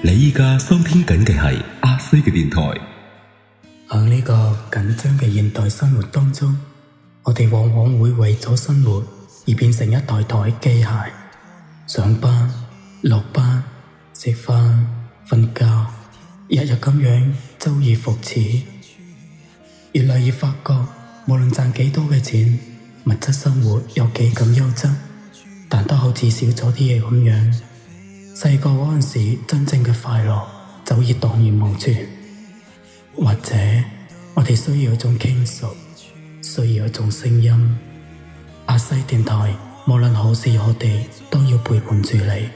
你而家收聽緊嘅係阿西嘅電台。喺呢個緊張嘅現代生活當中，我哋往往會為咗生活而變成一台台機械，上班、落班、食飯、瞓覺，日日咁樣周而復始。越嚟越發覺，無論賺幾多嘅錢，物質生活又幾咁優質，但都好似少咗啲嘢咁樣。細個嗰陣時，真正嘅快樂早已蕩然無存。或者，我哋需要有一種傾訴，需要有一種聲音。阿西電台，無論何時何地，都要陪伴住你。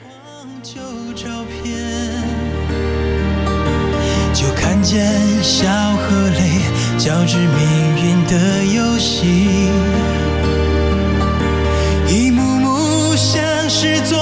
就看見笑和淚交織命運的遊戲，一幕幕像是昨。